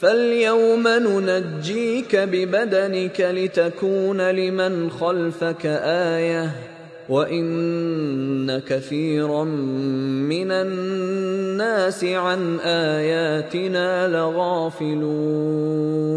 فاليوم ننجيك ببدنك لتكون لمن خلفك ايه وان كثيرا من الناس عن اياتنا لغافلون